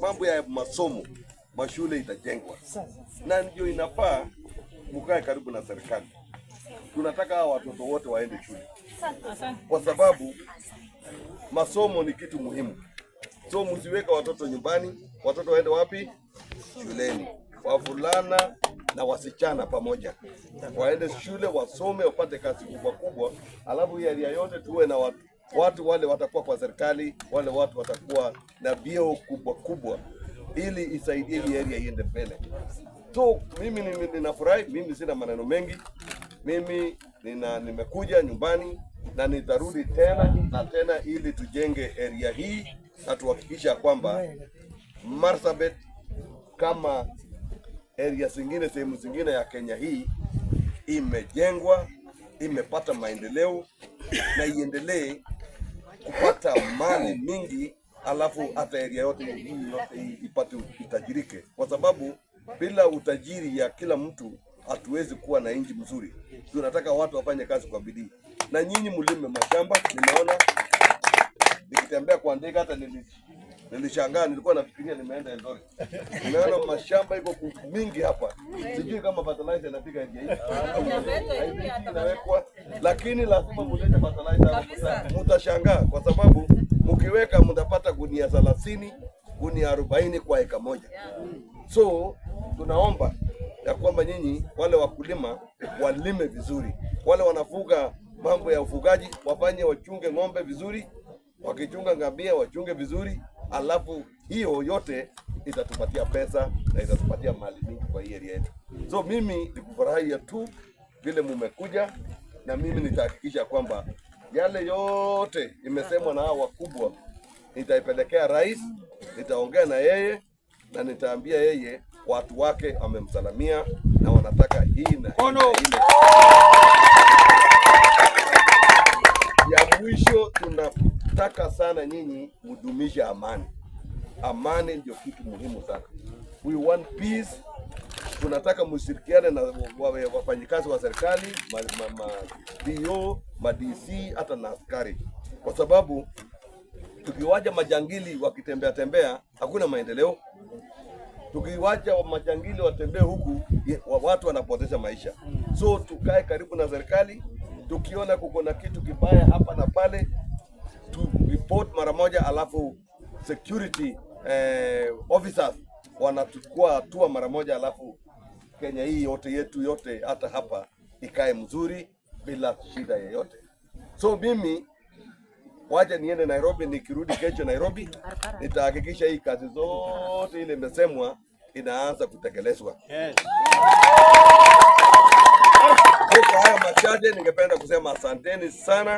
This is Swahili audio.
mambo ya masomo, mashule itajengwa na ndio inafaa mukae karibu na serikali. Tunataka hawa watoto wote waende shule kwa sababu masomo ni kitu muhimu. So msiweka watoto nyumbani, watoto waende wapi? Shuleni. Wavulana na wasichana pamoja waende shule, wasome, wapate kazi kubwa kubwa, alafu hii yote tuwe na watu watu wale watakuwa kwa serikali, wale watu watakuwa na vyeo kubwa kubwa, ili isaidie hii area iende mbele. So mimi ninafurahi, mimi sina maneno mengi, mimi nina nimekuja nyumbani na nitarudi tena na tena, ili tujenge area hii na tuhakikisha kwamba Marsabit kama area zingine, sehemu zingine ya Kenya hii imejengwa, imepata maendeleo na iendelee kupata mali mingi, alafu hata area yote hii yote ipate itajirike, kwa sababu bila utajiri ya kila mtu hatuwezi kuwa na nchi mzuri. Tunataka watu wafanye kazi kwa bidii, na nyinyi mlime mashamba. Nimeona nikitembea kuandika hata nilishangaa, nilikuwa nafikiria nimeenda Eldoret. Nimeona mashamba iko mingi hapa, sijui kama fertilizer inafika inawekwa lakini lazima mulete fertilizer. Mutashangaa kwa sababu mkiweka mtapata gunia thelathini gunia arobaini kwa eka moja. So tunaomba ya kwamba nyinyi wale wakulima walime vizuri, wale wanafuga mambo ya ufugaji wafanye, wachunge ng'ombe vizuri, wakichunga ngamia wachunge vizuri, alafu hiyo yote itatupatia pesa na itatupatia mali mingi kwa hii area yetu. So mimi nikufurahia tu vile mumekuja na mimi nitahakikisha kwamba yale yote imesemwa na hao wakubwa nitaipelekea rais, nitaongea na yeye na nitaambia yeye watu wake wamemsalamia na wanataka hii na oh, no. Ya mwisho tunataka sana nyinyi mudumisha amani. Amani ndio kitu muhimu sana. We want peace tunataka mshirikiane na wafanyikazi wa serikali ma, ma, ma madc hata na askari, kwa sababu tukiwaja majangili wakitembea tembea hakuna maendeleo. tukiwaja majangili watembee huku, watu wanapoteza maisha. So tukae karibu na serikali, tukiona kuko na kitu kibaya hapa na pale tu report mara moja, alafu security eh, officers wanachukua hatua mara moja alafu Kenya hii yote yetu yote hata hapa ikae mzuri bila shida yoyote. So mimi waje niende Nairobi, nikirudi kesho Nairobi nitahakikisha hii kazi zote ile imesemwa inaanza kutekelezwa. Yes. Kwa haya machache ningependa kusema asanteni sana.